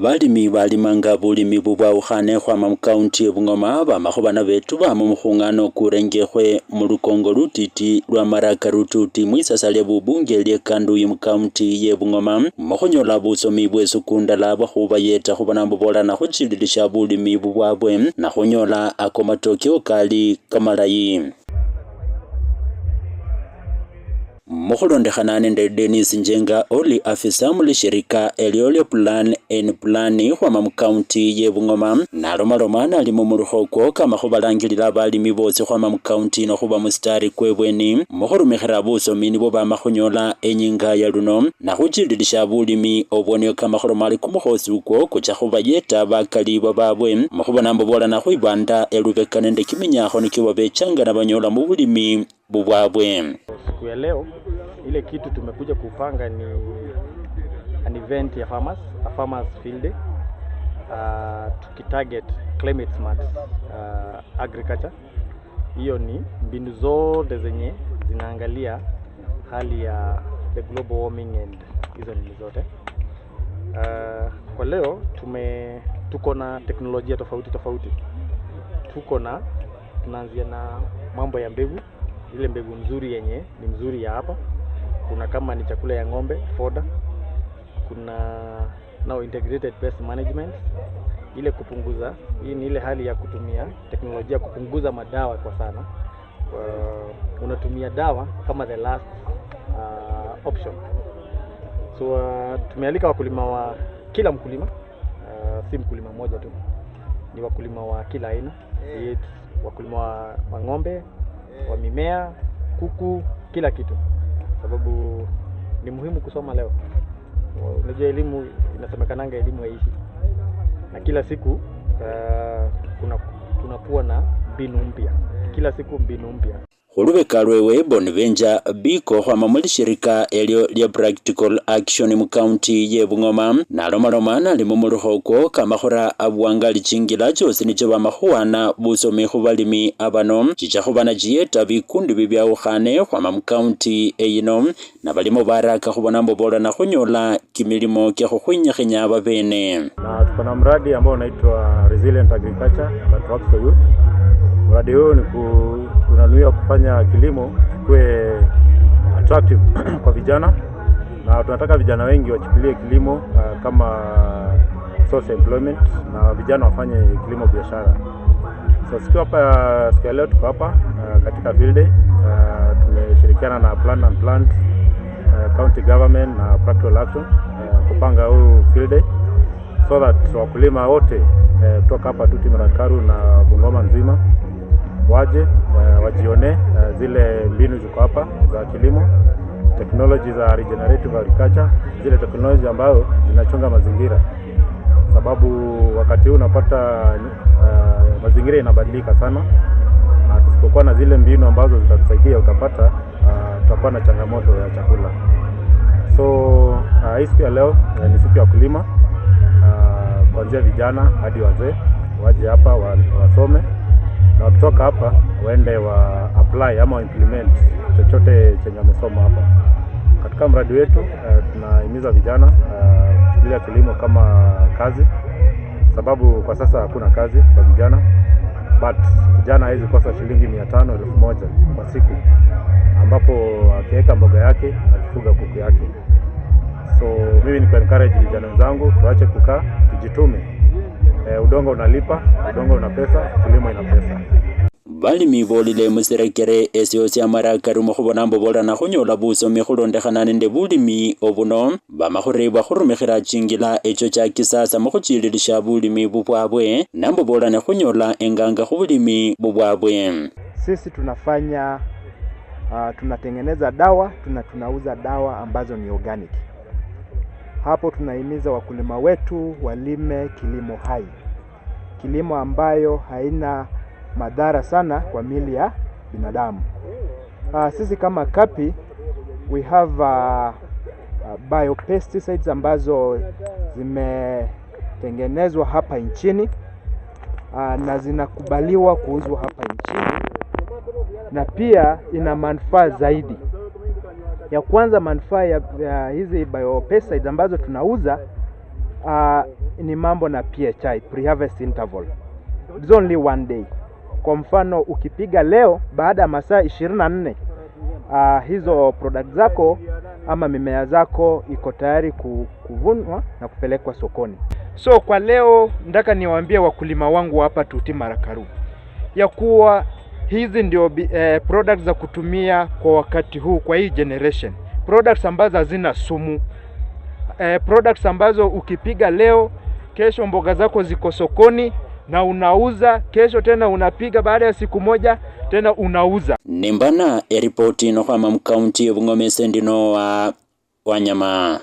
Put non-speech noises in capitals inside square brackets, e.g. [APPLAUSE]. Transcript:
balimi balimanga bulimi bubwawukhane khwama mukaunti ebungoma bamakhuba na betu bama mukhungano kurengekhwe mulukongo lutiti lwa maraka rututi mwisasa lya bubunge lye kanduyi mukaunti ye bungoma mukhunyola busomi bwe sukundala bwakhubayeta khubona mbubolana khuchililisha bulimi bubwabwe nakhunyola ako matokeo kali kamalayi mukhulondekhana nende Denis Njenga oli afisa mulishirika eliolyo plan en plan khwama mukaunti ye nalomaloma nali mumulukho kwo kama khubalangilila balimi bosi khwama mukaunti ino khuba musitari kwebweni mukhurumikhira busomi nibwo bama khunyola enyinga ya luno nakhuchililisha bulimi obwonio kama khulomali kumukhosi ukwo kucha khubayeta bakali bababwe mukhubona mbo bolana khwibanda elubeka nende kiminyakho nikibo bechanga nabanyola mubulimi bubwabwe siku ya leo, ile kitu tumekuja kupanga ni an event ya farmers, a farmers field day uh, tukitarget climate smart uh, agriculture. Hiyo ni mbinu zote zenye zinaangalia hali ya the global warming and hizo nini zote. Uh, kwa leo tume tuko na teknolojia tofauti tofauti, tuko na tunaanzia na mambo ya mbegu ile mbegu nzuri yenye ni mzuri ya hapa. Kuna kama ni chakula ya ng'ombe foda, kuna nao integrated pest management, ile kupunguza. Hii ni ile hali ya kutumia teknolojia kupunguza madawa kwa sana. Uh, unatumia dawa kama the last uh, option. So uh, tumealika wakulima wa kila mkulima uh, si mkulima mmoja tu, ni wakulima wa kila aina, wakulima wa, wa ng'ombe wa mimea, kuku, kila kitu, sababu ni muhimu kusoma leo. Unajua elimu inasemekananga, elimu haishi, na kila siku uh, kuna tunakuwa na mbinu mpya, kila siku mbinu mpya khulubeka lwewe Bon Venture Biko khwama muli shirika elyo lya Practical Action mu county ye Bungoma nalomaloma nali mumulukho okwo kamakhura abuwangali lichingila chosi nicho bamakhuwana busomi khubalimi abano chicha khuba nachiyeta bikundi bibyawukhane khwama mu county eyino nabalimo baraka khubona mbo bolana khunyola kimilimo kya khukhwinyikhanya babene na mradi ambao unaitwa Resilient Agriculture mradi huu ni tunanuia kufanya kilimo kuwe attractive [CLEARS THROAT] kwa vijana, na tunataka vijana wengi wachukulie kilimo uh, kama source employment, na vijana wafanye kilimo biashara. So siku hapa siku ya leo tuko hapa uh, katika field day uh, tumeshirikiana na Plan and Plant uh, county government na practical action uh, kupanga huu field day so that wakulima wote uh, kutoka uh, hapa tu Machakos na Bungoma nzima waje uh, wajione eh, zile mbinu ziko hapa za kilimo, teknoloji za regenerative agriculture, zile teknoloji ambayo zinachunga mazingira, sababu wakati huu unapata uh, mazingira inabadilika sana, na tusipokuwa na zile mbinu ambazo zitatusaidia utapata uh, tutakuwa na changamoto ya chakula. So uh, hii siku ya leo uh, ni siku ya kulima uh, kuanzia vijana hadi wazee waje hapa wasome wa na wakitoka hapa waende wa apply ama wa implement chochote chenye wamesoma hapa. Katika mradi wetu uh, tunahimiza vijana uh, kuchukulia kilimo kama kazi, sababu kwa sasa hakuna kazi kwa vijana, but kijana hawezi kosa shilingi mia tano elfu moja kwa siku, ambapo akiweka mboga yake akifuga kuku yake. So mimi ni encourage vijana wenzangu tuache kukaa, tujitume e, udongo unalipa, udongo una pesa, kilimo ina pesa bali mibolile musirekere esyosi amara akari mukhubona mbu bolana khunyola busomi khulondekhana nende bulimi obuno bamakhure khuribwa khurumikhira chingila echo cha kisasa mukhuchililisha bulimi bubwabwe nambo bolane khunyola enganga khubulimi bubwabwe sisi tunafanya uh, tunatengeneza dawa tuna tunauza dawa ambazo ni organic hapo tunahimiza wakulima wetu walime kilimo hai, kilimo ambayo haina madhara sana kwa miili ya binadamu. Uh, sisi kama Kapi we have uh, biopesticides ambazo zimetengenezwa hapa nchini uh, na zinakubaliwa kuuzwa hapa nchini na pia ina manufaa zaidi. Ya kwanza manufaa ya, ya hizi biopesticides ambazo tunauza uh, ni mambo na PHI pre-harvest interval. It's only one day. Kwa mfano ukipiga leo baada ya masaa 24 uh, ah, hizo product zako ama mimea zako iko tayari kuvunwa na kupelekwa sokoni. So kwa leo nataka niwaambie wakulima wangu hapa Tuti Marakaru ya kuwa hizi ndio eh, products za kutumia kwa wakati huu, kwa hii generation, products ambazo hazina sumu eh, products ambazo ukipiga leo, kesho mboga zako ziko sokoni na unauza kesho tena unapiga baada ya siku moja tena unauza nimbana eripoti ino khwama mukaunti ebung'omese ndino wa wanyama